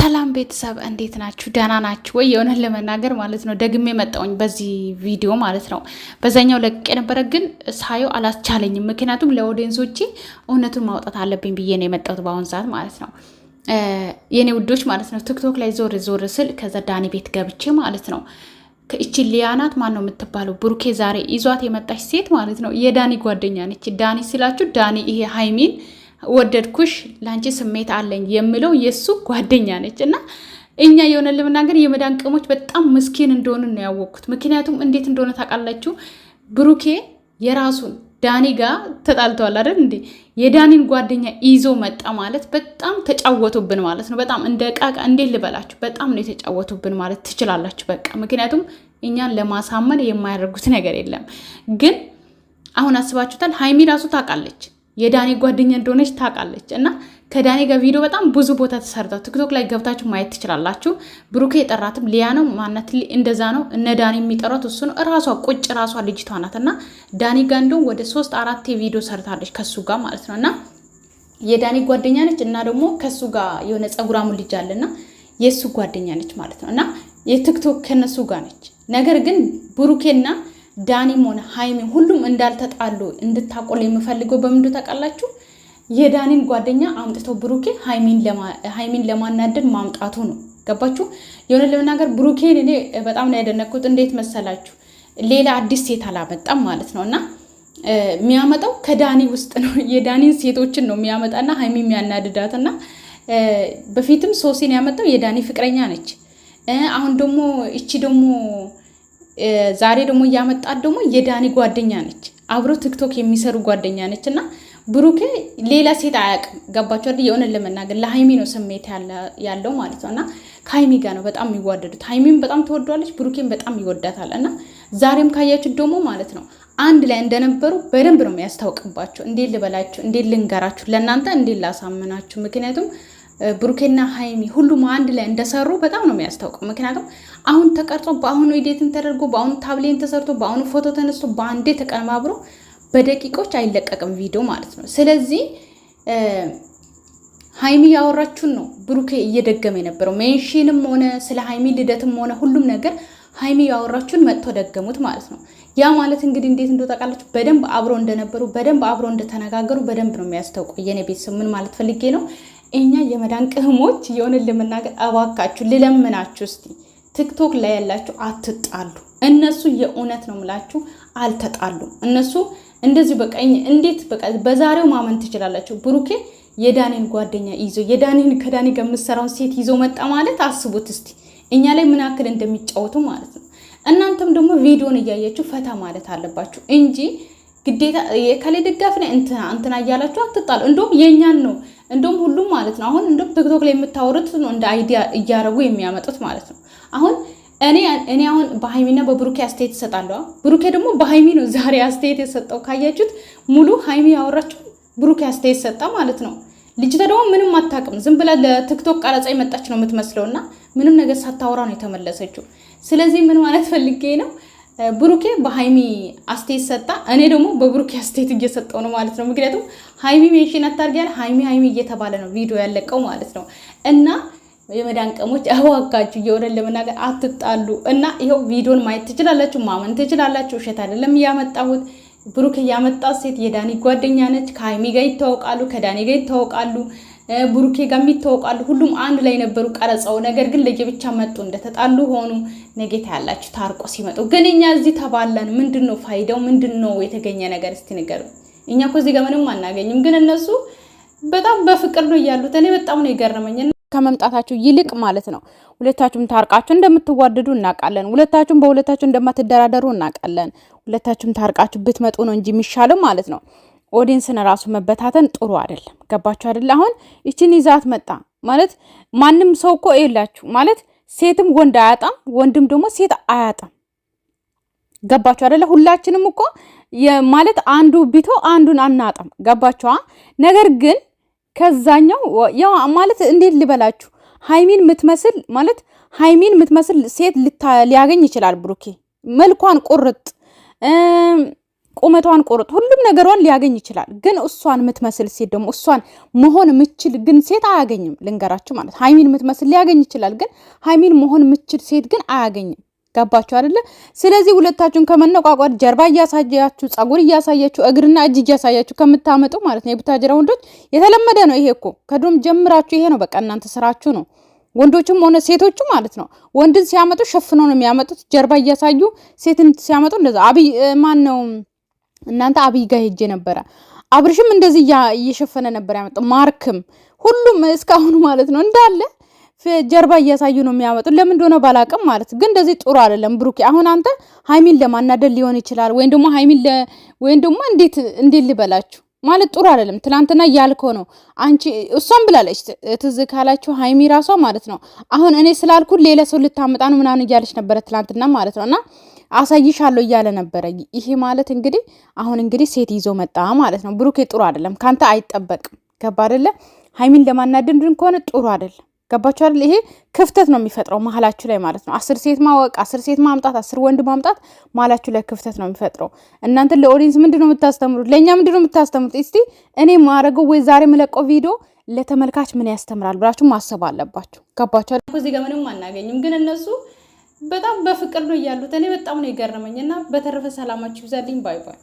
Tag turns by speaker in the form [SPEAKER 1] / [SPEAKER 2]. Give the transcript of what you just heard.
[SPEAKER 1] ሰላም ቤተሰብ እንዴት ናችሁ? ደህና ናችሁ ወይ? የሆነን ለመናገር ማለት ነው ደግሜ መጣውኝ በዚህ ቪዲዮ ማለት ነው። በዛኛው ለቅቄ ነበረ፣ ግን ሳየው አላስቻለኝም። ምክንያቱም ለኦዲየንሶቼ እውነቱን ማውጣት አለብኝ ብዬ ነው የመጣሁት በአሁን ሰዓት ማለት ነው። የኔ ውዶች ማለት ነው ቲክቶክ ላይ ዞር ዞር ስል ከዛ ዳኒ ቤት ገብቼ ማለት ነው ከእቺ ሊያናት ማን ነው የምትባለው? ብሩኬ ዛሬ ይዟት የመጣች ሴት ማለት ነው የዳኒ ጓደኛ ነች። ዳኒ ስላችሁ ዳኒ ይሄ ሀይሚን ወደድኩሽ ለአንቺ ስሜት አለኝ የምለው የእሱ ጓደኛ ነች እና እኛ የሆነ ለመናገር የመዳን ቅሞች በጣም ምስኪን እንደሆኑ ነው ያወቅኩት። ምክንያቱም እንዴት እንደሆነ ታውቃላችሁ፣ ብሩኬ የራሱን ዳኒ ጋር ተጣልተዋል አይደል እንዴ? የዳኒን ጓደኛ ይዞ መጣ ማለት በጣም ተጫወቱብን ማለት ነው። በጣም እንደ ቃቃ እንዴት ልበላችሁ፣ በጣም ነው የተጫወቱብን ማለት ትችላላችሁ። በቃ ምክንያቱም እኛን ለማሳመን የማያደርጉት ነገር የለም። ግን አሁን አስባችሁታል። ሀይሚ ራሱ ታውቃለች የዳኒ ጓደኛ እንደሆነች ታውቃለች እና ከዳኒ ጋር ቪዲዮ በጣም ብዙ ቦታ ተሰርተው ቲክቶክ ላይ ገብታችሁ ማየት ትችላላችሁ። ብሩኬ የጠራትም ሊያ ነው ማነት እንደዛ ነው። እነ ዳኒ የሚጠሯት እሱ ነው። እራሷ ቁጭ ራሷ ልጅቷ ናት እና ዳኒ ጋር እንደውም ወደ ሶስት አራት ቪዲዮ ሰርታለች ከሱ ጋር ማለት ነው እና የዳኒ ጓደኛ ነች እና ደግሞ ከሱ ጋር የሆነ ፀጉራሙ ልጅ አለ አለና የእሱ ጓደኛ ነች ማለት ነው እና የቲክቶክ ከነሱ ጋር ነች። ነገር ግን ብሩኬና ዳኒም ሆነ ሀይሚም ሁሉም እንዳልተጣሉ እንድታቆል የምፈልገው በምንዱ ታውቃላችሁ? የዳኒን ጓደኛ አምጥተው ብሩኬ ሀይሚን ለማናደድ ማምጣቱ ነው። ገባችሁ? የሆነ ለመናገር ብሩኬን እኔ በጣም ነው ያደነኩት። እንዴት መሰላችሁ? ሌላ አዲስ ሴት አላመጣም ማለት ነው እና የሚያመጣው ከዳኒ ውስጥ ነው። የዳኒን ሴቶችን ነው የሚያመጣና ሀይሚ የሚያናድዳትና በፊትም ሶሲን ያመጣው የዳኒ ፍቅረኛ ነች። አሁን ደግሞ እቺ ደግሞ ዛሬ ደግሞ እያመጣት ደግሞ የዳኒ ጓደኛ ነች፣ አብሮ ቲክቶክ የሚሰሩ ጓደኛ ነች። እና ብሩኬ ሌላ ሴት አያውቅም። ገባቸው አይደል? የሆነን ለመናገር ለሀይሚ ነው ስሜት ያለው ማለት ነው። እና ከሀይሚ ጋር ነው በጣም የሚዋደዱት። ሀይሚም በጣም ተወዷለች ብሩኬን በጣም ይወዳታል። እና ዛሬም ካያችሁ ደግሞ ማለት ነው አንድ ላይ እንደነበሩ በደንብ ነው የሚያስታውቅባቸው። እንዴት ልበላችሁ፣ እንዴት ልንገራችሁ፣ ለእናንተ እንዴት ላሳምናችሁ? ምክንያቱም ብሩኬና ሀይሚ ሁሉም አንድ ላይ እንደሰሩ በጣም ነው የሚያስታውቀው። ምክንያቱም አሁን ተቀርጾ በአሁኑ ኢዴትን ተደርጎ በአሁኑ ታብሌን ተሰርቶ በአሁኑ ፎቶ ተነስቶ በአንዴ ተቀነባብሮ በደቂቆች አይለቀቅም ቪዲዮ ማለት ነው። ስለዚህ ሀይሚ ያወራችሁን ነው ብሩኬ እየደገመ የነበረው። ሜንሽንም ሆነ ስለ ሀይሚ ልደትም ሆነ ሁሉም ነገር ሀይሚ ያወራችሁን መጥቶ ደገሙት ማለት ነው። ያ ማለት እንግዲህ እንዴት እንደወጣቃላችሁ በደንብ አብሮ እንደነበሩ፣ በደንብ አብሮ እንደተነጋገሩ በደንብ ነው የሚያስታውቀው። የኔ ቤተሰብ ምን ማለት ፈልጌ ነው እኛ የመዳን ቅህሞች የሆንን ልምናገር አባካችሁ ልለምናችሁ፣ እስቲ ቲክቶክ ላይ ያላችሁ አትጣሉ። እነሱ የእውነት ነው ምላችሁ አልተጣሉም። እነሱ እንደዚሁ በቃ እንዴት በቃ በዛሬው ማመን ትችላላችሁ። ብሩኬ የዳኔን ጓደኛ ይዞ የዳኔን ከዳኔ ጋር የምትሰራውን ሴት ይዞ መጣ ማለት አስቡት እስቲ እኛ ላይ ምን ያክል እንደሚጫወቱ ማለት ነው። እናንተም ደግሞ ቪዲዮን እያያችሁ ፈታ ማለት አለባችሁ እንጂ ግዴታ የከሌ ድጋፍ ላይ እንትና እንትና እያላችሁ አትጣሉ። እንደውም የእኛን ነው እንደውም ሁሉም ማለት ነው አሁን እንደውም ቲክቶክ ላይ የምታወሩት እንደ አይዲያ እያደረጉ የሚያመጡት ማለት ነው። አሁን እኔ እኔ አሁን በሀይሚና በብሩኬ አስተያየት እሰጣለሁ። ብሩኬ ደግሞ በሀይሚ ነው ዛሬ አስተያየት የሰጠው ካያችሁት፣ ሙሉ ሀይሚ ያወራችሁ ብሩኬ አስተያየት ሰጣ ማለት ነው። ልጅቷ ደግሞ ምንም አታውቅም። ዝም ብላ ለቲክቶክ ቀረጻ የመጣች ነው የምትመስለው እና ምንም ነገር ሳታወራ ነው የተመለሰችው። ስለዚህ ምን ማለት ፈልጌ ነው ብሩኬ በሀይሚ አስቴት ሰጣ፣ እኔ ደግሞ በብሩኬ አስቴት እየሰጠው ነው ማለት ነው። ምክንያቱም ሀይሚ ሜንሽን አታርጊያል፣ ሀይሚ ሀይሚ እየተባለ ነው ቪዲዮ ያለቀው ማለት ነው እና የመዳን ቀሞች አዋጋችሁ እየሆነን ለመናገር አትጣሉ እና ይኸው ቪዲዮን ማየት ትችላላችሁ፣ ማመን ትችላላችሁ። እሸት አይደለም እያመጣሁት። ብሩክ እያመጣት ሴት የዳኒ ጓደኛ ነች። ከሀይሚ ጋር ይታወቃሉ፣ ከዳኒ ጋር ይታወቃሉ። ብሩኬ ጋር የሚታወቃሉ። ሁሉም አንድ ላይ ነበሩ ቀረጸው። ነገር ግን ለየብቻ መጡ፣ እንደተጣሉ ሆኑ። ነጌታ ያላችሁ ታርቆ ሲመጡ ግን እኛ እዚህ ተባለን። ምንድን ነው ፋይዳው? ምንድን ነው የተገኘ ነገር? እስቲ ንገሩ። እኛ እኮ እዚህ ጋር ምንም አናገኝም፣ ግን እነሱ በጣም በፍቅር ነው እያሉት። እኔ በጣም ነው የገረመኝ። ከመምጣታችሁ ይልቅ ማለት ነው ሁለታችሁም ታርቃችሁ እንደምትዋደዱ እናውቃለን። ሁለታችሁም በሁለታችሁ እንደማትደራደሩ እናውቃለን። ሁለታችሁም ታርቃችሁ ብትመጡ ነው እንጂ የሚሻለው ማለት ነው። ኦዲንስን ራሱ መበታተን ጥሩ አይደለም። ገባችሁ አይደለ? አሁን ይችን ይዛት መጣ ማለት ማንም ሰው እኮ የላችሁ ማለት ሴትም ወንድ አያጣም፣ ወንድም ደግሞ ሴት አያጣም። ገባችሁ አይደለ? ሁላችንም እኮ ማለት አንዱ ቢቶ አንዱን አናጣም። ገባችኋ? ነገር ግን ከዛኛው ያው ማለት እንዴት ልበላችሁ ሃይሚን ምትመስል ማለት ሃይሚን ምትመስል ሴት ሊያገኝ ይችላል ብሩኬ መልኳን ቁርጥ ቁመቷን ቆርጥ ሁሉም ነገሯን ሊያገኝ ይችላል። ግን እሷን የምትመስል ሴት ደግሞ እሷን መሆን የምችል ግን ሴት አያገኝም። ልንገራችሁ ማለት ሀይሚን የምትመስል ሊያገኝ ይችላል። ግን ሀይሚን መሆን የምችል ሴት ግን አያገኝም። ገባችሁ አይደለ? ስለዚህ ሁለታችሁን ከመነቋቋር ጀርባ እያሳያችሁ ፀጉር እያሳያችሁ እግርና እጅ እያሳያችሁ ከምታመጡ ማለት ነው የቡታጅራ ወንዶች የተለመደ ነው ይሄ እኮ ከድሮም ጀምራችሁ ይሄ ነው። በቃ እናንተ ስራችሁ ነው። ወንዶችም ሆነ ሴቶቹ ማለት ነው ወንድን ሲያመጡ ሸፍኖ ነው የሚያመጡት። ጀርባ እያሳዩ ሴትን ሲያመጡ እንደዛ አብይ ማን ነው እናንተ አብይ ጋር ሄጄ ነበረ። አብርሽም እንደዚህ እየሸፈነ ነበር ያመጣው። ማርክም ሁሉም እስካሁኑ ማለት ነው እንዳለ ጀርባ እያሳዩ ነው የሚያመጡት። ለምን እንደሆነ ባላቅም ማለት ግን እንደዚህ ጥሩ አይደለም። ብሩኬ አሁን አንተ ሀይሚን ለማናደድ ሊሆን ይችላል፣ ወይም ደግሞ ሀይሚን ወይም ደግሞ እንዴት እንዴት ልበላችሁ ማለት ጥሩ አይደለም። ትናንትና ያልኮ ነው አንቺ እሷም ብላለች፣ ትዝ ካላችሁ ሀይሚ ራሷ ማለት ነው። አሁን እኔ ስላልኩ ሌላ ሰው ልታመጣ ነው ምናምን እያለች ነበረ ትናንትና ማለት ነው እና አሳይሻለሁ እያለ ነበረ። ይሄ ማለት እንግዲህ አሁን እንግዲህ ሴት ይዞ መጣ ማለት ነው። ብሩኬ ጥሩ አይደለም፣ ካንተ አይጠበቅም። ገባ አደለ? ሀይሚን ለማናደድ ከሆነ ጥሩ አይደለም። ገባችሁ አይደል? ይሄ ክፍተት ነው የሚፈጥረው መሀላችሁ ላይ ማለት ነው። አስር ሴት ማወቅ፣ አስር ሴት ማምጣት፣ አስር ወንድ ማምጣት መሀላችሁ ላይ ክፍተት ነው የሚፈጥረው። እናንተ ለኦዲየንስ ምንድን ነው የምታስተምሩት? ለእኛ ምንድን ነው የምታስተምሩት? እስቲ እኔ ማረገው ወይ ዛሬ የምለቀው ቪዲዮ ለተመልካች ምን ያስተምራል ብላችሁ ማሰብ አለባችሁ። ገባችሁ አይደል? እዚህ ጋር ምንም አናገኝም፣ ግን እነሱ በጣም በፍቅር ነው ያሉት። እኔ በጣም ነው የገረመኝ እና በተረፈ ሰላማችሁ ይብዛልኝ። ባይ ባይ